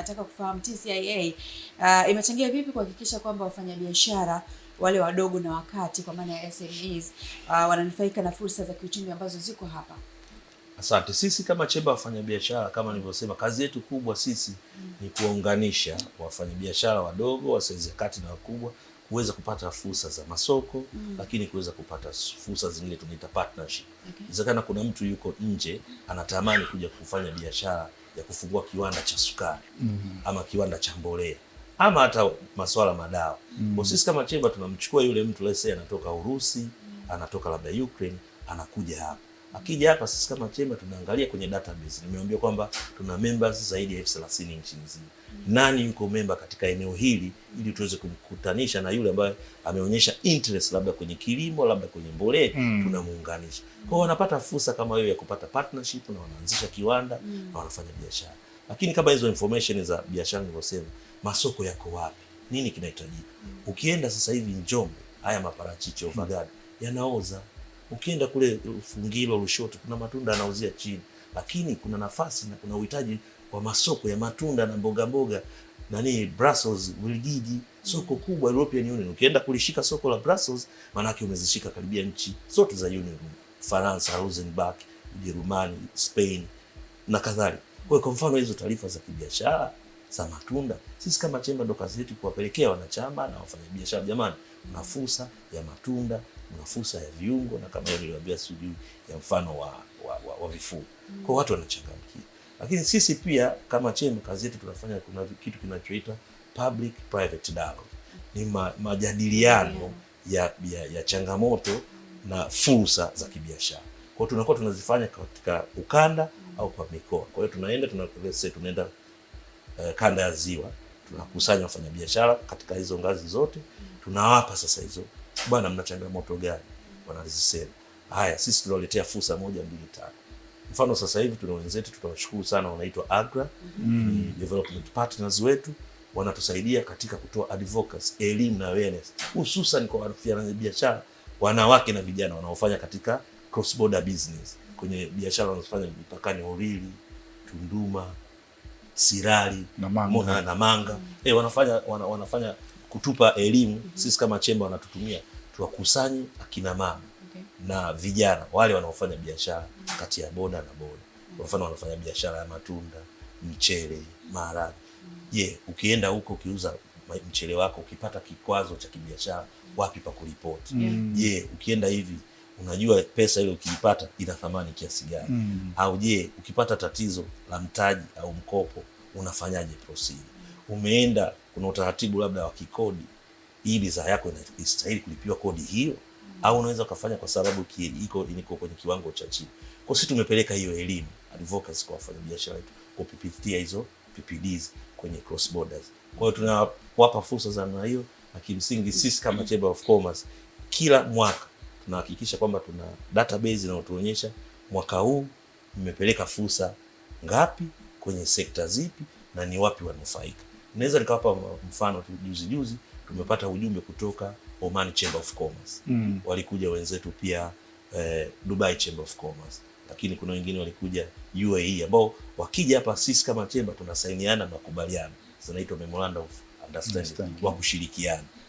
Nataka kufahamu TCCIA uh, imechangia vipi kuhakikisha kwamba wafanyabiashara wale wadogo na wakati kwa maana ya SMEs uh, wananufaika na fursa za kiuchumi ambazo ziko hapa. Asante. Sisi kama chemba wafanyabiashara, kama nilivyosema, kazi yetu kubwa sisi mm, ni kuwaunganisha wafanyabiashara wadogo, wasaizi kati na wakubwa kuweza kupata fursa za masoko mm, lakini kuweza kupata fursa zingine tunaita partnership. Okay. kuna mtu yuko nje anatamani kuja kufanya biashara ya kufungua kiwanda cha sukari mm -hmm. ama kiwanda cha mbolea ama hata masuala madawa mm -hmm. Sisi kama chemba tunamchukua yule mtu lese, anatoka Urusi, mm-hmm. anatoka labda Ukraine, anakuja hapa Akija hapa sisi kama chemba tunaangalia kwenye database. Nimeambia kwamba tuna members zaidi ya elfu thelathini nchi nzima. Nani yuko memba katika eneo hili ili tuweze kumkutanisha na yule ambaye ameonyesha interest labda kwenye kilimo, labda kwenye mbolea mm. tunamuunganisha. Kwa hiyo wanapata fursa kama hiyo ya kupata partnership na wanaanzisha kiwanda mm. na wanafanya biashara. Lakini kama hizo information za biashara nilivyosema, masoko yako wapi? Nini kinahitajika? Mm. Ukienda sasa hivi Njombe, haya maparachichi ovagado yanaoza. Ukienda kule Fungiwa, Lushoto, kuna matunda anauzia chini, lakini kuna nafasi na kuna uhitaji wa masoko ya matunda na mboga mboga nani Brussels, Ubelgiji, soko mm. kubwa European Union. Ukienda kulishika soko la Brussels, maanake umezishika karibia nchi zote za Union, Faransa, Luxembourg, Ujerumani, Spain na kadhalika. Kwa kwa mfano hizo taarifa za kibiashara za matunda, sisi kama chemba ndo kazi yetu kuwapelekea wanachama na wafanyabiashara, jamani, na fursa ya matunda una fursa ya viungo na kama niliwaambia sijui ya mfano wa, wa, wa, wa vifuu mm. Kwa watu wanachangamkia, lakini sisi pia kama chemu kazi yetu tunafanya kuna kitu kinachoita public private dialogue, ni ma, majadiliano ya, ya, ya changamoto na fursa za kibiashara. Kwa hiyo tunakuwa tunazifanya katika ukanda au kwa mikoa. Kwa hiyo tunaenda tunakese, tunaenda uh, kanda ya Ziwa tunakusanya wafanyabiashara katika hizo ngazi zote, tunawapa sasa hizo bwana, mna changamoto gani? Wanazisema haya, sisi tunawaletea fursa moja mbili tatu. Mfano sasa hivi tuna wenzetu tunawashukuru sana, wanaitwa AGRA mm. development partners wetu wanatusaidia katika kutoa advocacy, elimu na awareness hususan kwa wafanyabiashara wanawake na vijana wanaofanya katika cross border business kwenye biashara wanazofanya mipakani Holili, Tunduma, Sirari na Manga, na Manga. Mm. Hey, eh, wanafanya, wana, wanafanya kutupa elimu mm -hmm. Sisi kama chemba wanatutumia tuwakusanye akina mama okay. na vijana wale wanaofanya biashara kati ya boda na boda, kwa mfano wanafanya biashara ya matunda, mchele, maharage. Je, yeah, ukienda huko ukiuza mchele wako ukipata kikwazo cha kibiashara, wapi pa kuripoti? Mm. Je, mm. yeah, ukienda hivi unajua pesa ile ukiipata ina thamani kiasi gani? mm. au je, ukipata tatizo la mtaji au mkopo unafanyaje prosedi Umeenda kuna utaratibu labda wa kikodi hii bidhaa yako inastahili kulipiwa kodi hiyo au unaweza ukafanya kwa sababu iko iko kwenye kiwango cha chini. Kwa sisi tumepeleka hiyo elimu advocacy kwa wafanyabiashara wetu kupitia hizo PPDs kwenye cross borders. Kwa hiyo tunawapa fursa za namna hiyo, na kimsingi sisi kama Chamber of Commerce kila mwaka tunahakikisha kwamba tuna database inayotuonyesha mwaka huu nimepeleka fursa ngapi kwenye sekta zipi na ni wapi wanufaika. Naweza nikawapa mfano tu juzi juzi tumepata ujumbe kutoka Oman Chamber of Commerce mm. walikuja wenzetu pia eh, Dubai Chamber of Commerce, lakini kuna wengine walikuja UAE ambao wakija hapa sisi kama chemba tunasainiana makubaliano zinaitwa memorandum of understanding wa kushirikiana